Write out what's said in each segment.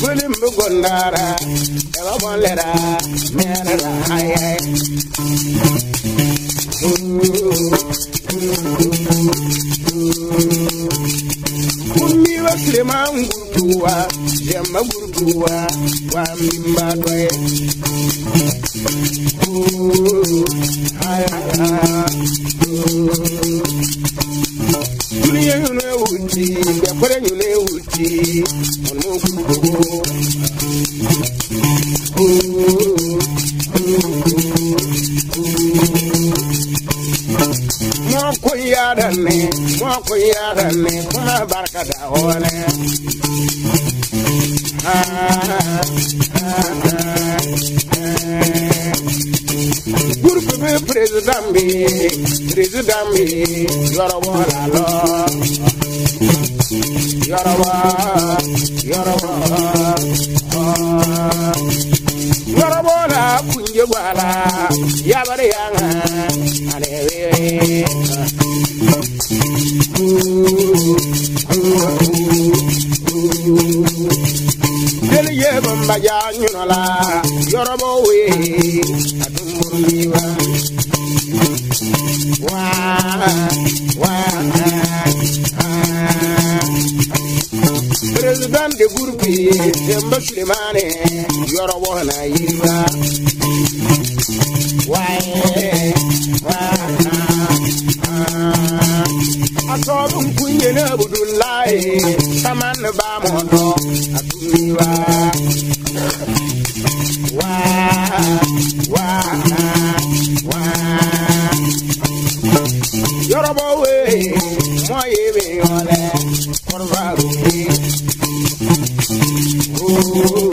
Gulim Bugondara, Eva Bonlera, Menera, Aye. Kumbiwa Klima Ngurtua, Jemma Gurtua, Wambimba Dwe. Aye, aye. yaranne mo ko yaranne kuma barka da hole groupe bi président bi président bi yorobo la lo yorobo yorobo yorobo la yabare yang ni ye bomba ja nyuna la yorobo we atumburu yiwa wa wa President de Gurbi Demba Sulemane yorobo na yiwa wa wa Atobun kunye na budullahi saman ba mono tiwa wa wa wa Yoruba we mo yebe ole kurva ruki. Oh.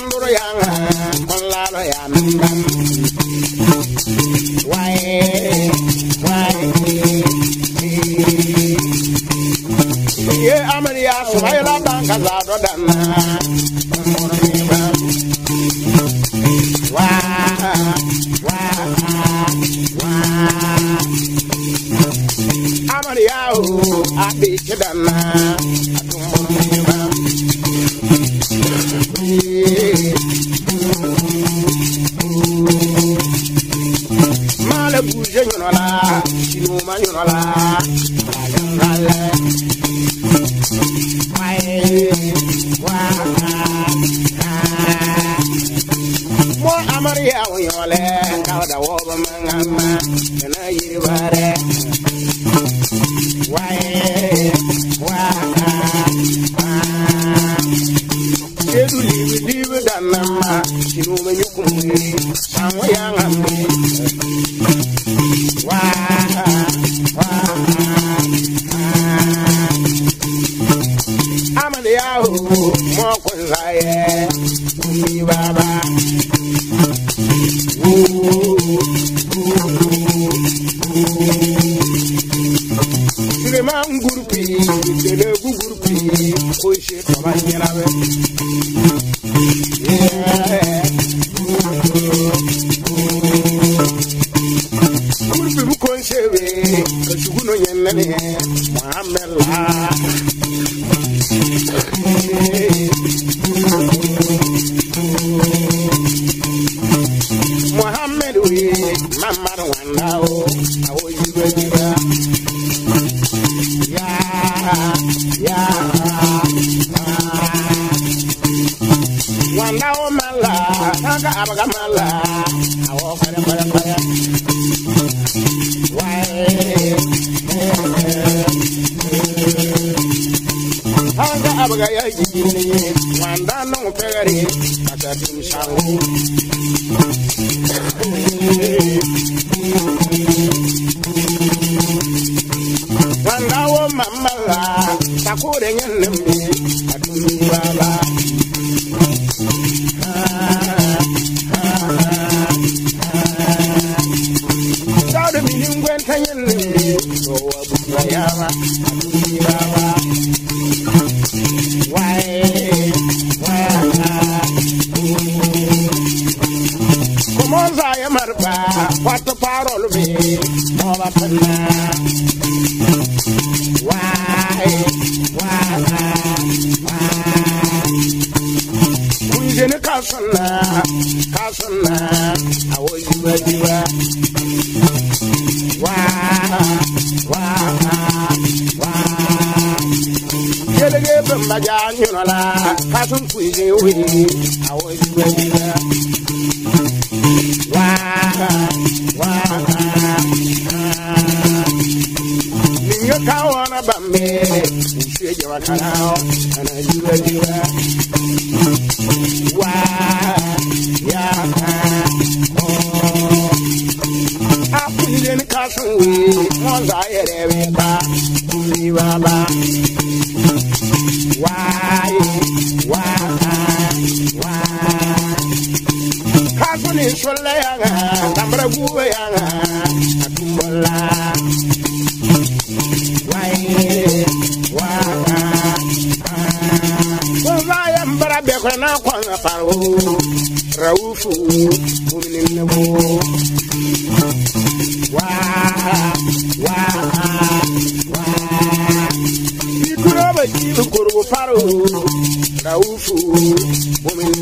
bamburu yang Pelalo yang Wae Wae Ye amriya suhayo lambang kazado dan Bamburu yang Wah Wah Wah Amriya hu Abi kedana Abi ke nyɔnɔla sinuma nyɔnɔla ayɔnɔla lɛ. Mo amariya o yɔlɛ k'aw da wɔ bamanankan ma kana yiriba dɛ. waye waka edu liwi liwi danama sinuma nyukumu sanwó yanga. nchewe kachukwu na onye mmere mamela muhammed wee na mmadụ nwanda o awoyiwe jiga ya ya nwanda o mala aga abaga ga no pegare kaka din shango wo mamala takure nyen mbi adun baba Sorry, I'm a kasana kasana awo yiwa yiwa wa wa wa yelege bamba ja nyuna kasun kuize wi awo yiwa yiwa wa wa ninyo kawana bambe Shwe jawa kanao, kana jiwa jiwa wee nwata yere weta uriwala wayo wata kakuni sola yanga tambara guwe yanga akumbola waye wata wabaya mbara raufu Abadi Bukuru Paro, Raufu, woman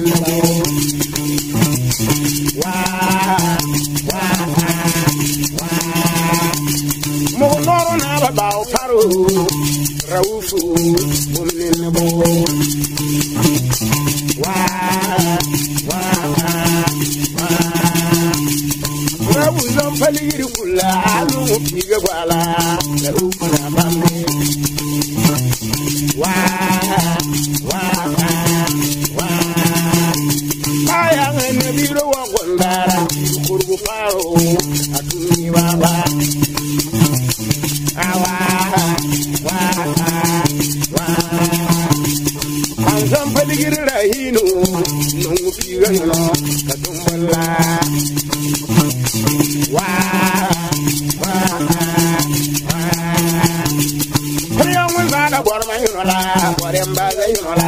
Wow, wow, wow. olùpàrò àtúnyí wá wá. Àwa wá wá. An san faligir rahino nan wufi gano ka dumbala. Wá wá wá. Kuryan wun zana gwarma yunola, gwarin ba zai yunola.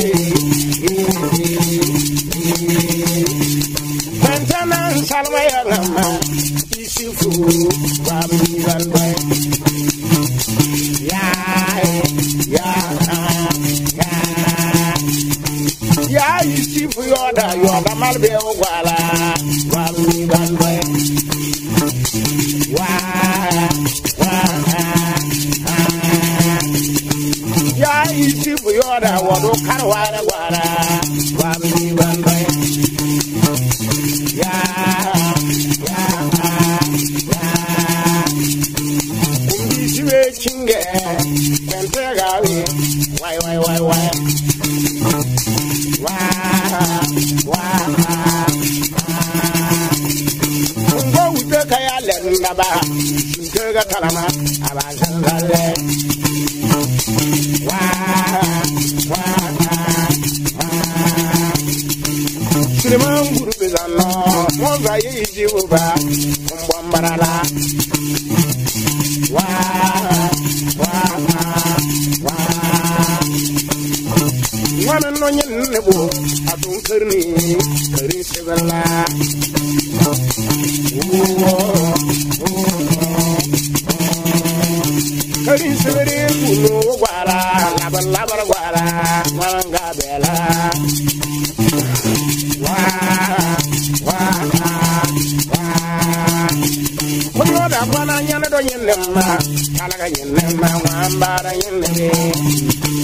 Yeah, you see for your order, you gonna are Gamal Beo Wala, Walu Galwe. Yeah, you see for your order, to Karwara Wala, Walu Galwe. bawuta kaya lɛnnaba shintɛga kalama a b'a zanzalɛ siriman guru Wow, wow, wow. mɔnza ye yi ji o ba Wow, wow, wow. la ŋmani nɔ nyɛ ne bo Kabisere kulo gwala, labar labar gwala, maranga bela. Wa, wa, wa. Kulo da kwana nyana do nyenne ma, kalaga nyenne wambara nyenne.